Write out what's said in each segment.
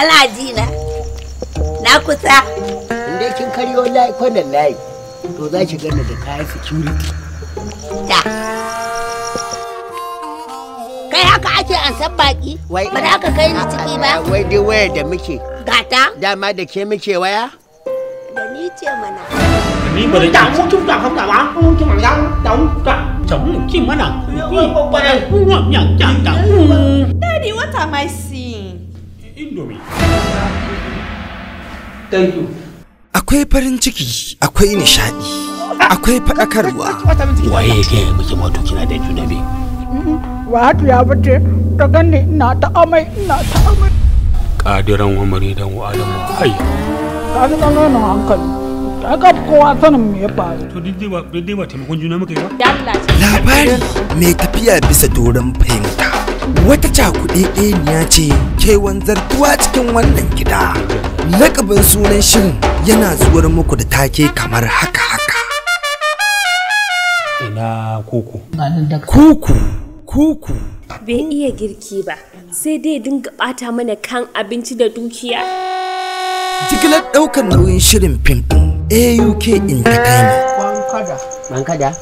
kana ji na na kusa inda kin kin karyo layi kwanan layi to za ki gane da kayan security da kai haka ake an san baki ba da aka kai ni ciki ba wai dai waya da muke gata dama da ke muke waya da ni ce mana ni ba da ni da mutum da haka Daddy what am I indomie thank you akwai farin ciki akwai nishadi akwai fadakarwa waye ya gaya miki wato kina da juna biyu mm-hmm. wato ya bace ta ganni ina ta amai ina ta amai kadiran wa maridan wa alamu hayya ka ga nan hankali aka kowa sanin me ya faru. To dai ba taimakon juna muka yi ba? Labari mai tafiya bisa doron fahimta. wata cakuɗeɗeniya ce ke wanzartuwa cikin wannan gida lakabin sunan shirin yana zuwar muku da take kamar haka haka ina kuku kuku kuku bai iya girki ba sai dai dinga bata mana kan abinci da dukiya jigilar ɗaukar nauyin shirin fim auk entertainment bankada bankada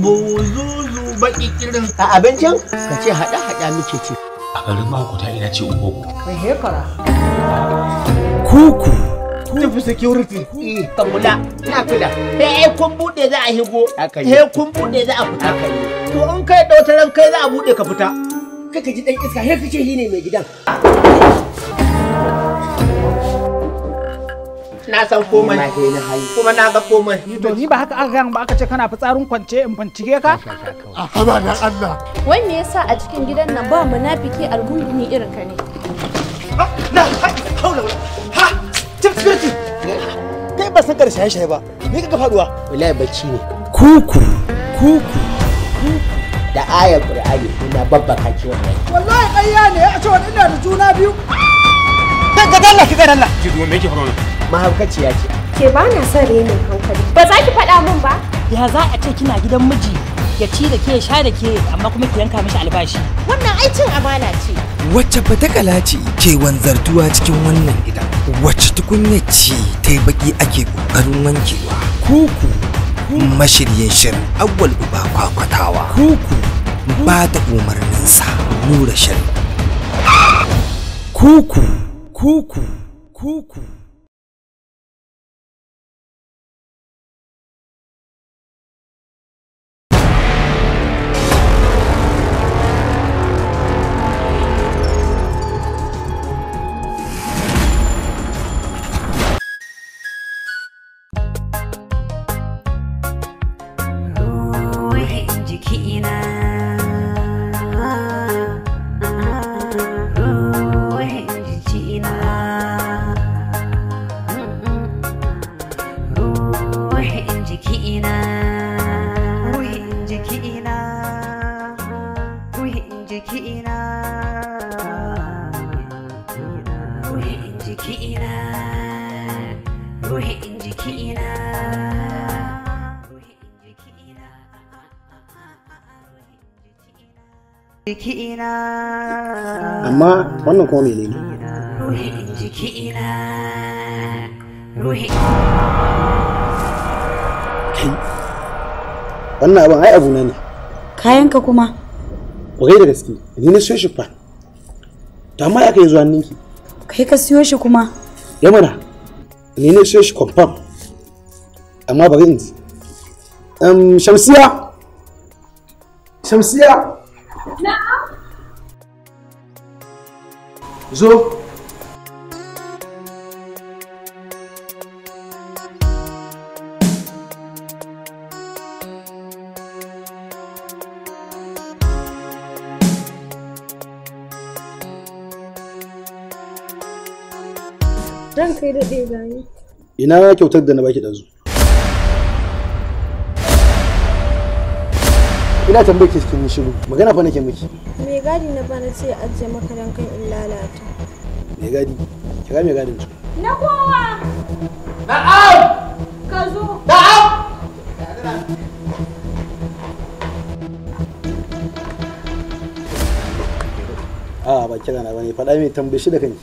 bozuzu baki kirin a abincin ka ce hada hada muke ce a garin makuta ina ce ugogo mai hefara kuku tafi security eh, ka kula na kula sai eh, ai eh, kun bude za a higo sai kun bude za a fita kai to in kai dautaran kai za a bude ka fita kaka ji dan iska sai kace shi ne mai gidan na san komai kuma na ga komai to ni ba haka aka ba aka ce kana fitsarin kwance in bincike ka a ah, haba dan Allah wanne yasa a cikin gidan nan ba munafiki algungumi irin ka ne ah, na haula ha tafsirti kai ba san karshe shaye ba ni kaga faduwa wallahi bacci ne kuku kuku da ayar qur'ani ina babba kaki wannan wallahi ƙarya ne a ce wannan ina da juna biyu kan ga dalla ki ga dalla ki dume ki faruwa mahaukaciya ce ke ba na son rene hankali ba za ki faɗa min ba ya za a ce kina gidan miji ya ci da ke sha da ke amma kuma ki yanka mishi albashi wannan aikin amana ce wacce fatakala ce ke wanzartuwa cikin wannan gida wacce tukunya ce ta baki ake kokarin wankewa kuku mashiryin shirin agwal uba kwakwatawa kuku ba da umarninsa nura shirin kuku kuku kuku amma wannan kuma mene ne jikina ruhin wannan abin ai abu na ne kayanka kuma kwarai da gaske ni na siyo shi fa ta amma aka yi zuwa ninki kai ka siyo shi kuma yamana ni na siyo shi confirm amma bari in ji shamsiya shamsiya Na'am. Zo. Ran kai Ina kyautar da na baki ɗazu. ina tambaye ki kin shiru magana fa nake miki me gadi na bana ce ajiye maka dan kan in lalata me gadi kira me gadin ki na kowa na'am ka zo na'am Ah, ba kira na bane faɗa me tambaye shi da kanki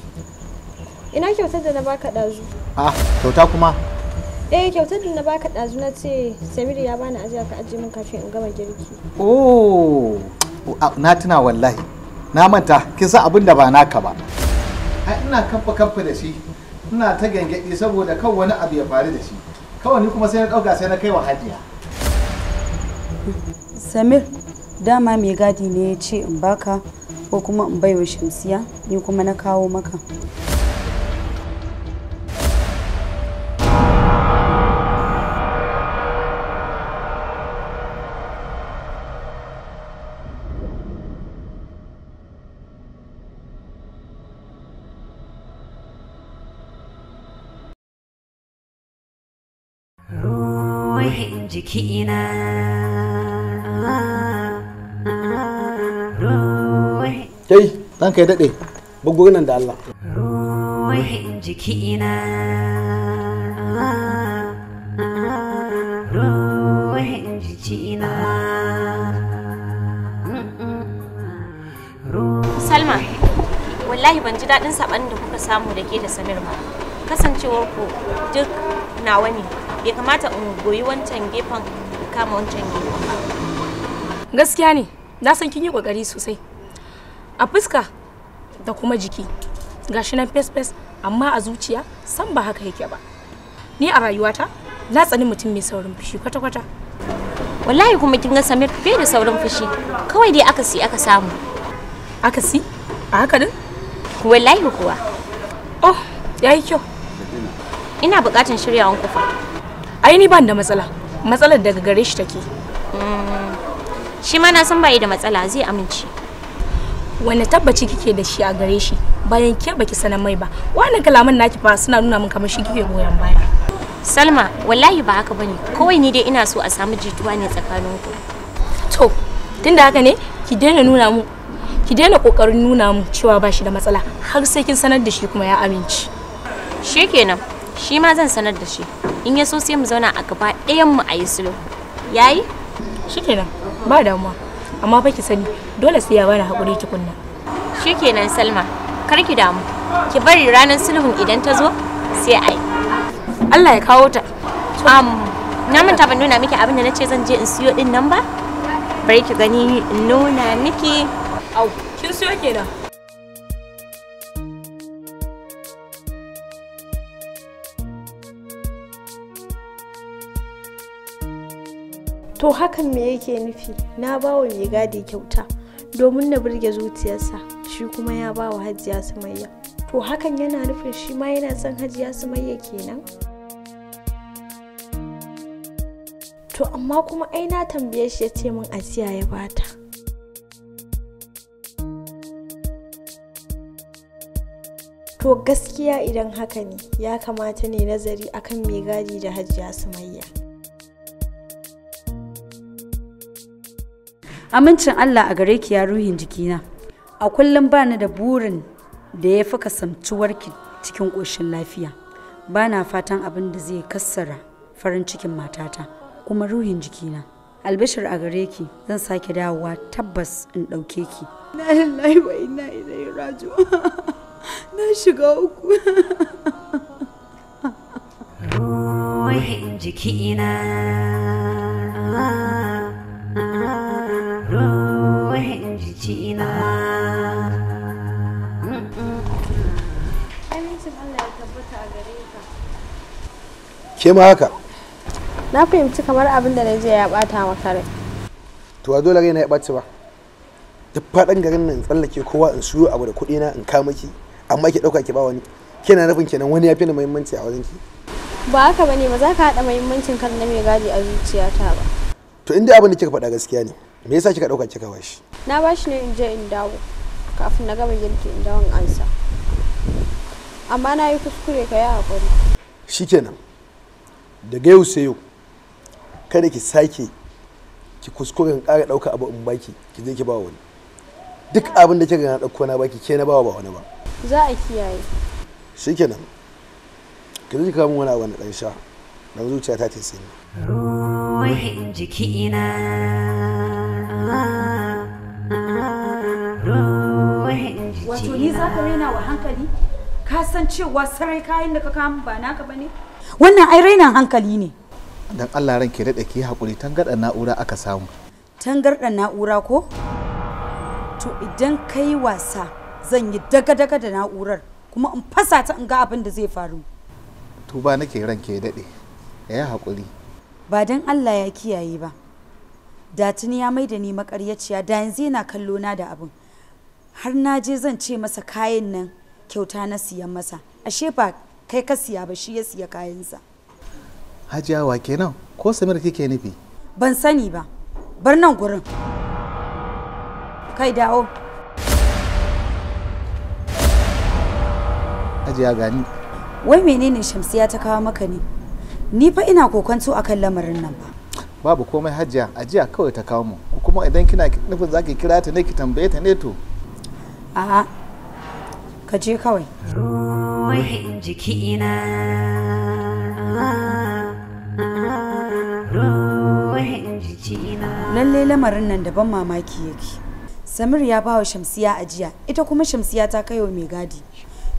ina kyautar da na baka ɗazu ah kyauta kuma eh kyautar da na baka ɗazu na ce samiru ya bani ajiya ka ajiye min kafin in gama girki oh na tuna wallahi na manta kin san abin da ba naka ba ai ina kamfa kamfa da shi ina ta gangaɗi saboda kan wani abu ya faru da shi kawai ni kuma sai na ɗauka sai na kai wa hajiya samir dama mai gadi ne ya ce in baka ko kuma in baiwa shamsiya ni kuma na kawo maka dan kai daɗe bugu nan da Allah ruhin jikina Salma wallahi ban ji daɗin saɓanin da kuka samu da ke da Samir ba kasancewar ku duk nawa ne bai kamata in goyi wancan gefen kama wancan gefen gaskiya ne na san kin yi kokari sosai a fuska da kuma jiki gashi nan fes fes amma a zuciya san ba haka yake ba ni a rayuwata na tsani mutum mai saurin fushi kwata kwata wallahi kuma kin ga Samir bai da saurin fushi kawai dai aka si aka samu aka si a haka din wallahi kuwa oh yayi kyau ina bukatan shiryawan kufa ai ni ban da matsala matsalar daga gare shi take mm. shi ma na san bai da matsala zai amince wani tabbaci kike da shi a gare shi bayan ke baki sanar mai ba wannan kalaman naki fa suna nuna min kamar shi kike goyon baya Salma wallahi ba haka bane kawai ni dai ina so a samu jituwa ne tsakanin ku to tunda haka ne ki daina nuna mu ki daina kokarin nuna mu cewa ba shi da matsala har sai kin sanar da shi kuma ya amince shikenan shi ma zan sanar da shi in ya so sai mu zauna a gaba ɗayan mu a yi sulhu yayi shikenan ba damuwa amma fa ki sani dole sai ya bani hakuri tukunna shikenan Salma kar ki damu ki bari ranar sulhun idan ta zo sai ai Allah ya kawo ta um na manta ban nuna miki abin da nace zan je in siyo din nan ba bari ki gani nuna miki au kin siyo kenan to hakan me yake nufi na bawa mai gadi kyauta domin na burge zuciyarsa shi kuma ya bawa hajiya sumayya to hakan yana nufin shi ma yana son hajiya sumayya kenan to amma kuma ai na tambaye shi ya ce min asiya ya bata to gaskiya idan haka ne ya kamata ne nazari akan mai gadi da hajiya sumayya Amincin Allah a gare ki ya ruhin jikina. A kullum ba da burin da ya fi kasamtuwarki cikin ƙoshin lafiya. Ba na fatan abin da zai kassara farin cikin matata kuma ruhin jikina. Albishir a gare ki zan sake dawowa tabbas in ɗauke ki. Na lillahi wa Na shiga uku. Ruhin jikina. ke ma haka na fahimci kamar abin da na ya bata maka rai to a dole raina ya bace ba duk fadan garin nan tsallake kowa in suyo abu da kudina na in kama ki amma ki ɗauka ki ba wani kina nufin kenan wani ya fi muhimmanci a wajen ki ba haka bane ba za ka hada muhimmancin kan na mai gadi a zuciyata ba to inda abin da kika faɗa gaskiya ne me yasa kika dauka kika bashi na bashi ne in je in dawo kafin na gama girki in dawo ansa amma na yi kuskure ka yi hakuri shikenan daga yau sai yau kada ki sake ki kuskure in ƙara dauka abu in baki ki je ki ba wani duk abin da kika na dauko na baki ke na bawa ba wani ba za a kiyaye shikenan ki je ki kawo wani abu na dan sha dan zuciya ta ta sanyi ruhin jikina ruhin jikina wato ni za ka raina wa hankali ka san cewa sarai kayan da ka kama ba naka ba ne wannan ai rainan hankali ne dan Allah ran ke daɗe ki haƙuri tangarɗar na'ura aka samu tangarɗar na'ura ko to idan kai wasa zan yi daga-daga da na'urar kuma in fasa ta in ga abin da zai faru To ba nake ran ke daɗe ya yi haƙuri ba don Allah ya kiyaye ba da tuni ya maida ni makaryaciya da yanzu yana kallo na da abin har na je zan ce masa kayan nan kyauta na siyan masa ashe ba kai ka siya ba shi ya siya kayansa hajiyawa kenan ko samir kike nufi ban sani ba bar nan gurin kai dawo hajiya gani wai menene shamsiya ta kawo maka ne ni fa ina kokonto akan lamarin nan ba babu komai hajiya ajiya kawai ta kawo mu kuma idan kina nufin zaki kira ta ne ki tambaye ta ne to a'a ka je kawai ruhin jikina ruhin jikina lalle lamarin nan daban mamaki yake samir ya bawa shamsiya ajiya ita kuma shamsiya ta kaiwa mai gadi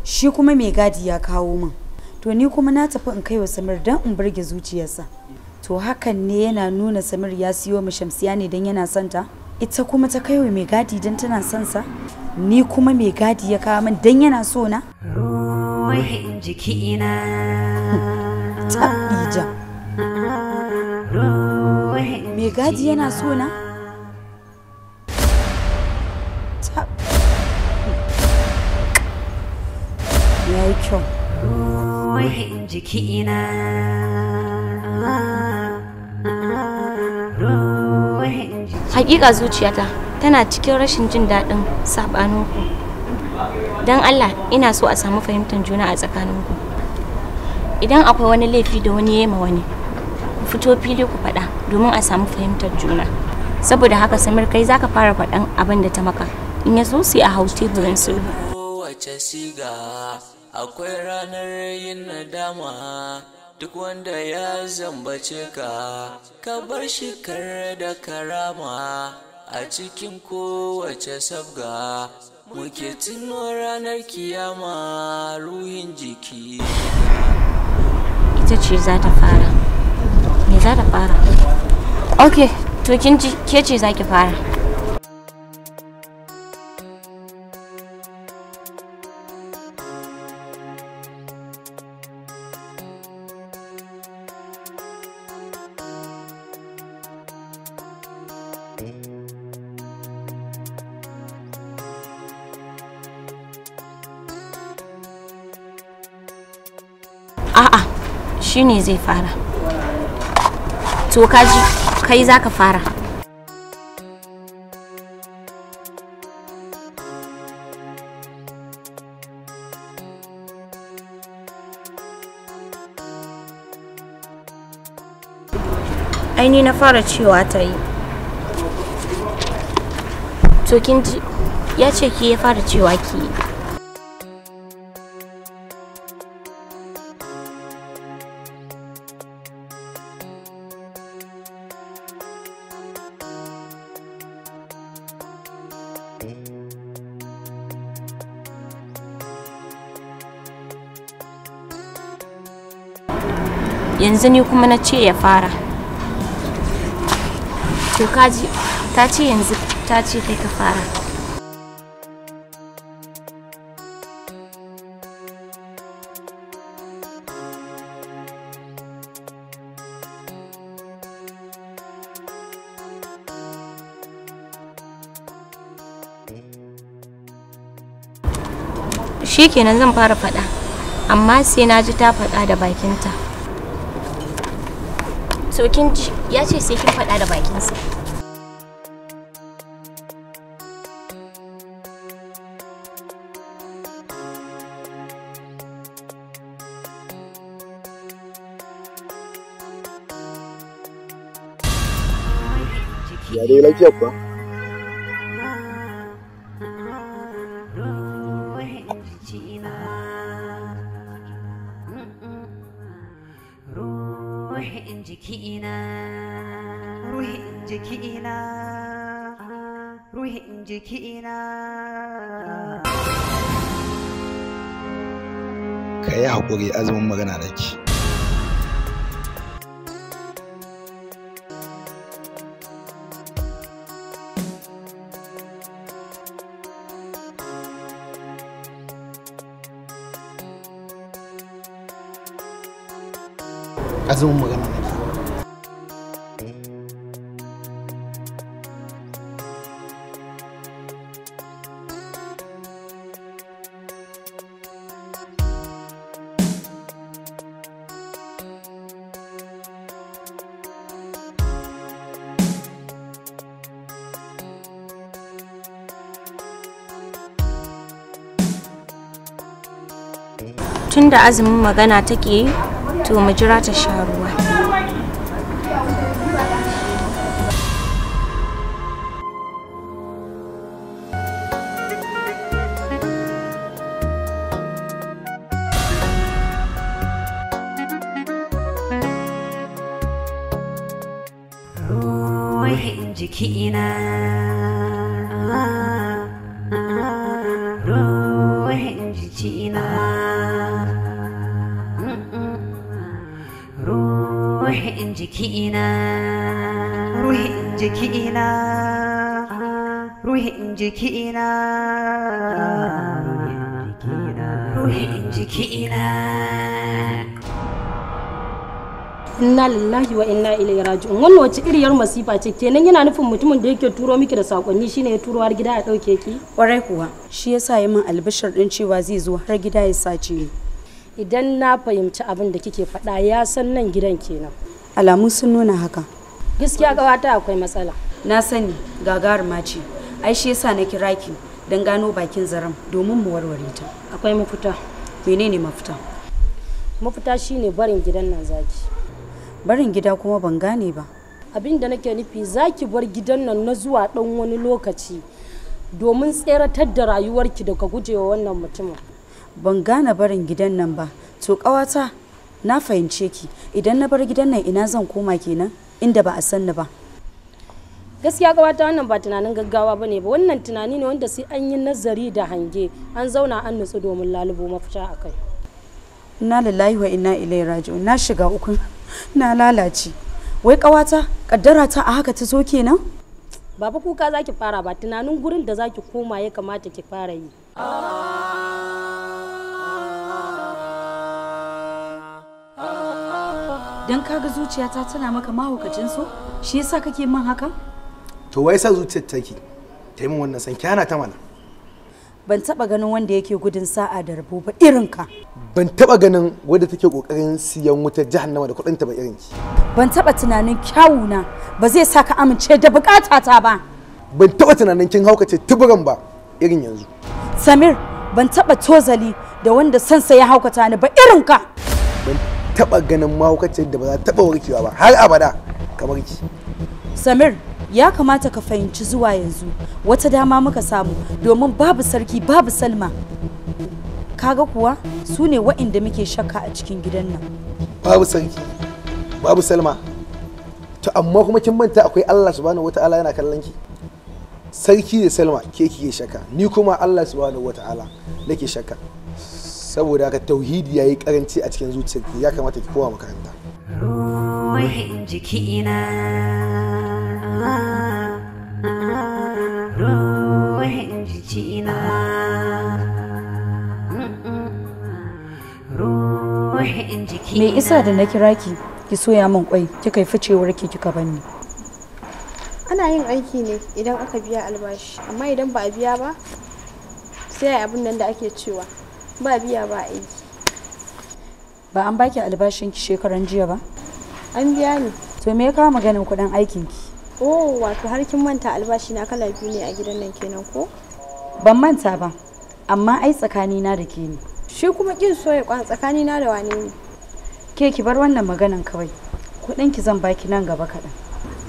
shi kuma mai gadi ya kawo min to ni kuma na tafi in kai wa samir don in burge zuciyarsa to hakan ne yana nuna samir ya siyo mu shamsiya ne don yana son ta ita kuma ta kai wa mai gadi don tana son sa ni kuma mai gadi ya kawo min don yana so na ruhin jikina taɓija mai gadi yana so na ya yi kyau hakika zuciyata tana cikin rashin jin daɗin sabaninku don allah ina so a samu fahimtar juna a tsakaninku idan akwai wani laifi da wani yema wani ku fito fili ku faɗa domin a samu fahimtar juna saboda haka samir kai zaka fara faɗan abin da ta maka in ya so sai a hau teburin sulhu akwai ranar yin nadama duk wanda ya zambace ka ka bar shi kar da karama a cikin kowace sabga muke tuno ranar kiyama ruhin jiki ita ce za ta fara me za ta fara ok to kin ke ce za ki fara A'a, shi ne zai fara. To kaji, kai za ka fara. Aini na fara cewa ta yi. to kin ji ya ce ki ya fara cewa ki yanzu ni kuma na ce ya fara to kaji ta ce yanzu ta ce kai Shi fara shikenan zan fara faɗa amma sai na ji ta faɗa da bakinta so kin ji ya ce sai kin faɗa da bakinsa lafiya kuwa ka yi haƙuri azumin magana da ke azumin magana nake tun da azumin magana take yi to mu jira ta sha ruwa inna lillahi wa inna ilaihi raji'un wannan wace iriyar masifa ce kenan yana nufin mutumin da yake turo miki da sakonni shine ya turo har gida ya dauke ki kwarai kuwa shi yasa yi min albishir din cewa zai zo har gida ya sace ni idan na fahimci abin da kike faɗa ya san nan gidan kenan alamu sun nuna haka gaskiya gawata akwai matsala na sani gagaruma ce ai shi yasa na kira ki don gano bakin zaram domin mu warware ta akwai mafita menene mafita mafita shine barin gidan nan zaki barin gida kuma ban gane ba abin da nake nufi zaki bar gidan nan na zuwa dan wani lokaci domin tseratar da rayuwarki daga gujewa wannan mutumin ban gane barin gidan nan ba to kawata na fahimce ki idan na bar gidan nan ina zan koma kenan inda ba a san ni ba gaskiya kawata wannan ba tunanin gaggawa bane ba wannan tunani ne wanda sai an yi nazari da hange an zauna an nutsu domin lalubo mafita akai na lillahi wa inna ilaihi raji'un na shiga uku na lalace wai kawata kaddara ta a haka ta zo kenan baba kuka zaki fara ba tunanin gurin da zaki koma ya kamata ki fara yi dan kaga zuciyata tana maka mahaukacin so shi yasa kake min haka to wai sa zuciyar take ta yi min wannan san kyana ta mana ban taba ganin wanda yake gudun sa'a da rabo ba irin ka ban taba ganin wadda take kokarin siyan wutar jahannama da kudin ta ba irin ki ban taba tunanin kyawuna ba zai sa ka amince da bukata ta ba ban taba tunanin kin haukace tuburan ba irin yanzu samir ban taba tozali da wanda sansa ya haukata ni ba irin ka ban taba ganin mahaukacin da ba za taba warkewa ba har abada kamar ki samir ya kamata ka fahimci zuwa yanzu wata dama muka samu domin babu sarki babu salma kaga kuwa su ne waɗanda muke shakka a cikin gidan nan babu sarki babu salma to amma kuma kin manta akwai Allah subhanahu wata'ala yana kallon ki sarki da salma ke kike shakka ni kuma Allah subhanahu wata'ala nake shakka saboda haka tauhidi yayi karanci a cikin zuciyarki ya kamata ki kowa makaranta ruhin jikina ruhin jikina me isa da na kira ki ki soya min kwai kika yi ficewar ki kika banni ana yin aiki ne idan aka biya albashi amma idan ba a biya ba sai abin nan da ake cewa ba biya ba aiki ba an baki albashin ki shekaran jiya ba an biya ni to me ya kawo maganin kuɗin aikin ki oh wato har kin manta albashi na kala biyu ne a gidan nan kenan ko ban manta ba amma ai tsakani na da ke ne shi kuma kin so ya kwan tsakani na da wani ne ke ki bar wannan maganan kawai kuɗin ki zan baki nan gaba kaɗan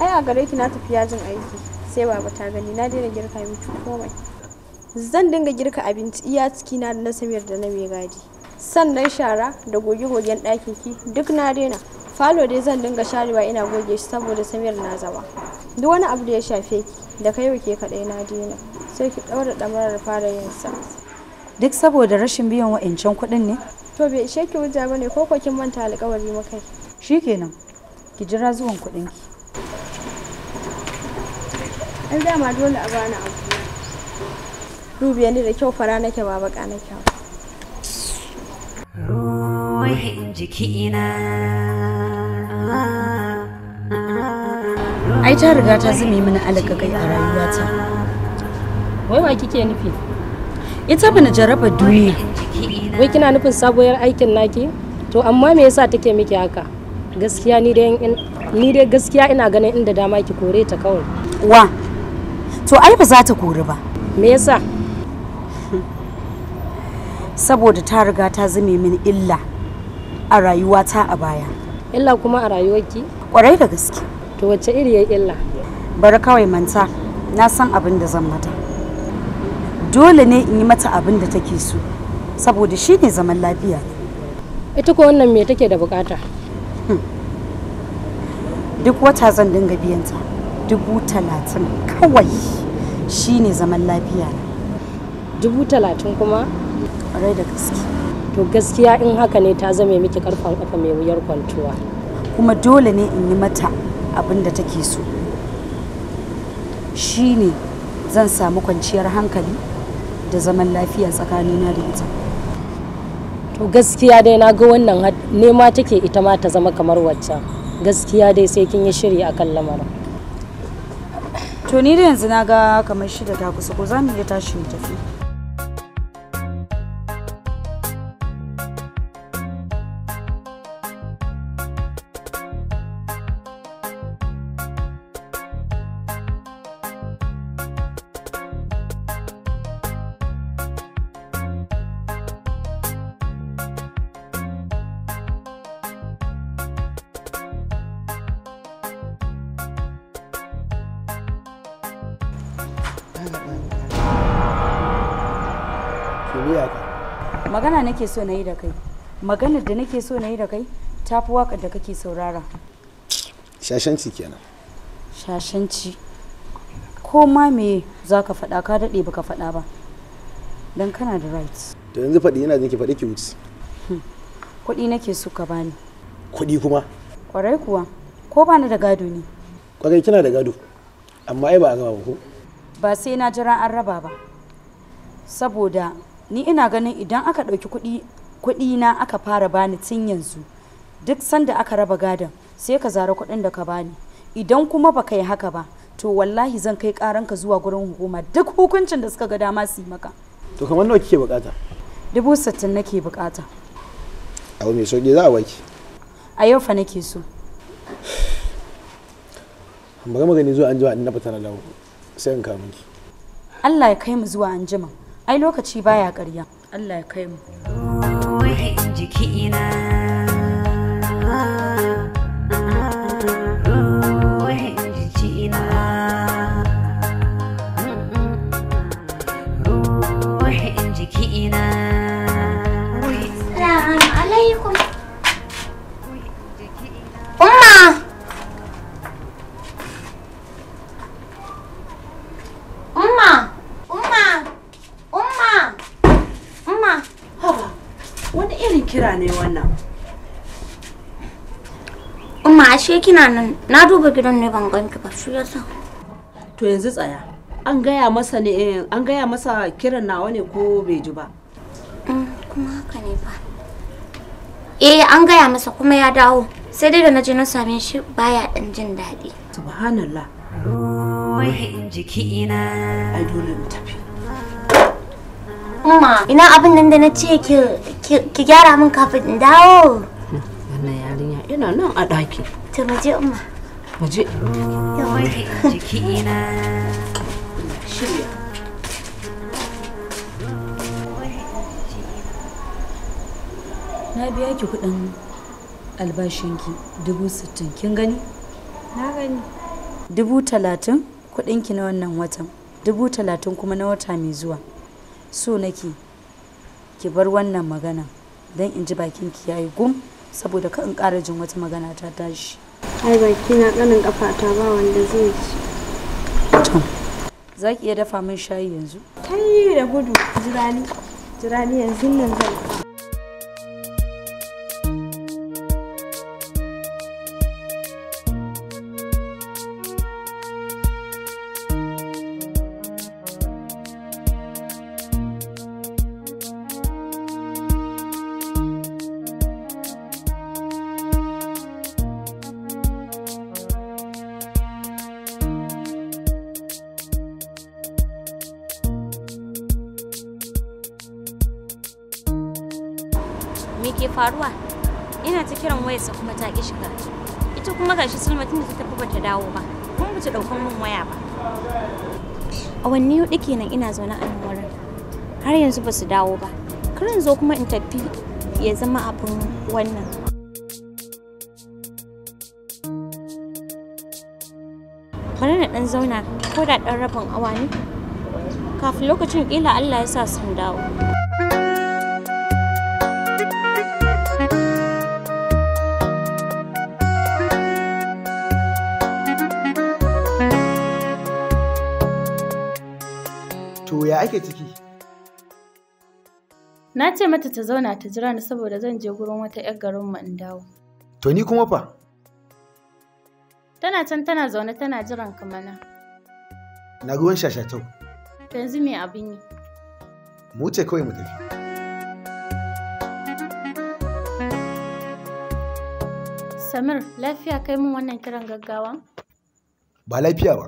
ai a gare ki na tafi yajin aiki sai baba ta gani na daina girka miki komai zan dinga girka abinci iya ciki na na samir da na mai gadi sannan shara da goge-gogen ɗakin ki duk na daina falo dai zan dinga sharewa ina goge shi saboda samir na zama duk wani abu da ya shafe ki da kai ke kaɗai na daina sai ki ɗaura ɗamarar fara yin sa duk saboda rashin biyan wa'ancan kuɗin ne to bai ishe ki hujja bane ko ko kin manta alƙawari makai shikenan ki jira zuwan kuɗin ki an dama dole a bani abu dubiya ni da kyau fara nake ba baka na kyau ruhin jikina ai ta riga ta zumi mini alƙaƙai a rayuwata wai wa kike nufi ita bana jaraba duniya wai kina nufin sabuwar aikin naki to amma me yasa take miki haka gaskiya ni dai ni dai gaskiya ina ganin inda dama ki kore ta kawai wa to ai ba za ta kore ba me yasa saboda ta riga ta zame min illa a rayuwata a baya illa kuma a rayuwarki kwarai da gaske to wacce iri ya illa bari kawai manta na san abin da zan mata dole ne in yi mata abin da take so saboda shi ne zaman lafiya ita ko wannan me take da bukata hmm. duk wata zan dinga biyanta dubu talatin kawai shi ne zaman lafiya dubu talatin kuma rai da gaske to gaskiya in haka ne ta zame miki karfan kafa mai wuyar kwantuwa kuma dole ne in yi mata abin da take so shi ne zan samu kwanciyar hankali da zaman lafiya tsakanina da ita to gaskiya dai na ga wannan nema take ita ma ta zama kamar wacce gaskiya dai sai kin yi shiri akan lamarin to ni da yanzu na ga kamar shida ta kusa ko za mu iya tashi mu tafi magana nake so na yi da kai maganar da nake so na yi da kai ta fi waƙar da kake saurara shashanci kenan shashanci ko ma me za ka faɗa ka daɗe ba ka faɗa ba don kana da right to yanzu faɗi yana jinki faɗi ki wuce hmm. kuɗi nake so ka bani kuɗi kuma kwarai kuwa ko bani da gado ne kwarai kina da gado amma ai ba a gaba ba ko ba sai na jira an raba ba saboda ni ina ganin idan aka ɗauki kuɗi na aka fara bani tun yanzu duk sanda aka raba gadon sai ka zara kuɗin da ka bani idan kuma ka yi haka ba to wallahi zan kai ƙaranka zuwa gurin hukuma duk hukuncin da suka ga dama su yi maka to kamar nawa kike bukata dubu sittin nake bukata abu so sauki za a baki a yau fa nake so bari magani zuwa an jiwa na fita na dawo sai in kawo miki Allah ya kai mu zuwa anjima ai lokaci baya ƙarya Allah ya kai mu jiki ina shekina nan na duba gidan ne ban ganki ba shi yasa to yanzu tsaya an gaya masa ne eh, an gaya masa kiran nawa ne ko bai ji ba mm, kuma haka ne ba eh an gaya masa kuma ya dawo sai dai da na je na same shi baya dan jin daɗi subhanallah ruhin ina ai dole mu tafi umma ina abin nan da na ce ki gyara min kafin in dawo wannan yarinya ina nan a ɗaki To mu je umma. Mu je. Yawa ki jiki na. Shirya. Na biya ki kuɗin albashinki dubu sittin kin gani? Na gani. Dubu talatin kuɗinki na wannan watan dubu talatin kuma na wata mai zuwa so nake ki bar wannan magana don in ji bakinki ya yi gum saboda ka in ƙara jin wata magana ta tashi ai baki na ƙanin ta ba wanda zai ci za ki iya dafa min shayi yanzu kai da gudu jirani jirani yanzu nan zan ta ki shiga ita kuma gashi Sulma da ta tafi bata dawo ba kuma bata daukan min waya ba awanni hudu kenan ina zaune a wurin har yanzu ba su dawo ba karin zo kuma in tafi ya zama abin wannan bari na dan zauna ko da dan rabin awa ne kafin lokacin kila Allah ya sa sun dawo ake ciki? Na ce mata ta zauna ta jira ni saboda zan je gurin wata 'yar garinmu in dawo. To ni kuma fa? Tana can tana zaune tana jiran kamana. Na ruwan shashatau. To yanzu me abin yi? Mu ce kawai mu tafi. Samir, lafiya kai mun wannan kiran gaggawa? Ba lafiya ba.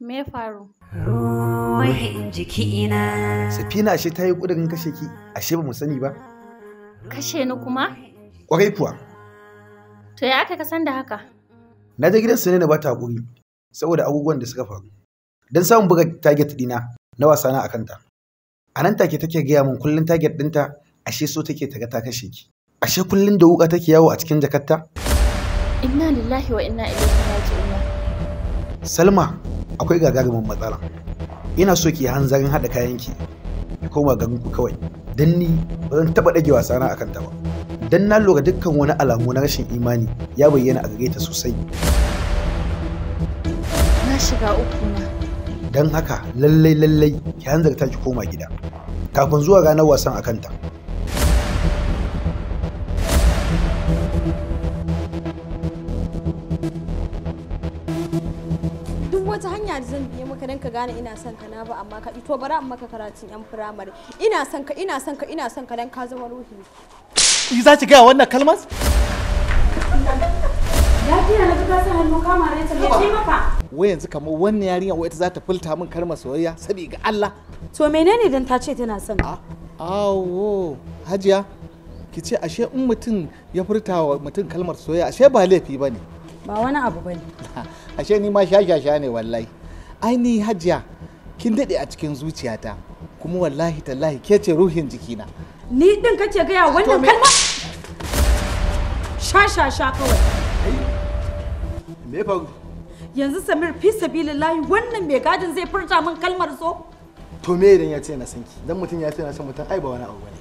Me ya faru? ruhin jikina. Safina ashe ta yi ƙudurin kashe ki, ashe ba mu sani ba. Kashe ni kuma? Ƙwarai kuwa. To ya aka kasan da haka? Na je gidan Sunena ba ta haƙuri, saboda abubuwan da suka faru. Don samun buga target ɗina na wasa na akan ta. A nan take take gaya min kullum target ɗinta ashe so take ta ga ta kashe ki. Ashe kullum da wuƙa take yawo a cikin jakarta? Inna lillahi wa inna ilaihi raji'un. Salma, akwai gagarumin matsala ina so ki hanzarin haɗa kayanki ki koma garin ku kawai dan ni ba zan taɓa ɗage wasa na akan ta ba dan na lura dukkan wani alamu na rashin imani ya bayyana a gare ta sosai na shiga uku na dan haka lallai lallai ki hanzarta ki koma gida kafin zuwa ranar wasan akan ta wata hanya da zan biye maka dan ka gane ina son ka na ba amma ka to bara amma ka karatun yan firamare ina son ka ina son ka ina son ka dan ka zama ruhi yi za ki ga wannan kalmar lafiya na ka sa hannu kama rai ta ce maka wai yanzu kamar wannan yarinya wai ita za ta fulta min kalmar soyayya saboda Allah to menene dan ta ce tana son ka awo hajiya ki ce ashe in mutum ya furta wa mutum kalmar soyayya ashe ba laifi ne. ba wani abu ba ne ashe ni ma shashasha ne wallahi aini hajiya kin daɗe a cikin zuciyata kuma wallahi tallahi ke ce ruhin jikina ni din kake gaya wannan kalma shashasha kawai me faru yanzu samir fi sabilillahi wannan mai gadin zai furta min kalmar so to me idan ya ce na ki dan mutum ya ce na san mutum ai ba wani abu bane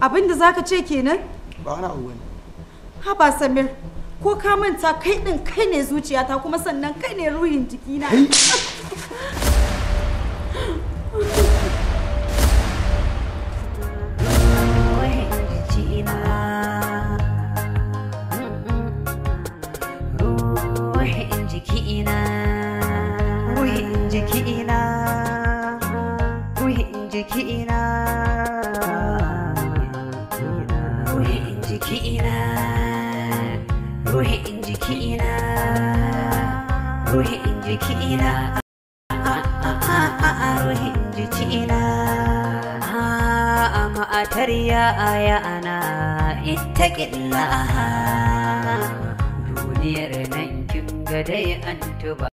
abinda zaka ce kenan ba wani abu bane ha ba samir ko ka manta kai din kai ne zuciyata kuma sannan kai ne ruhin jikina ta ƙilla nan kin ga dai an tuba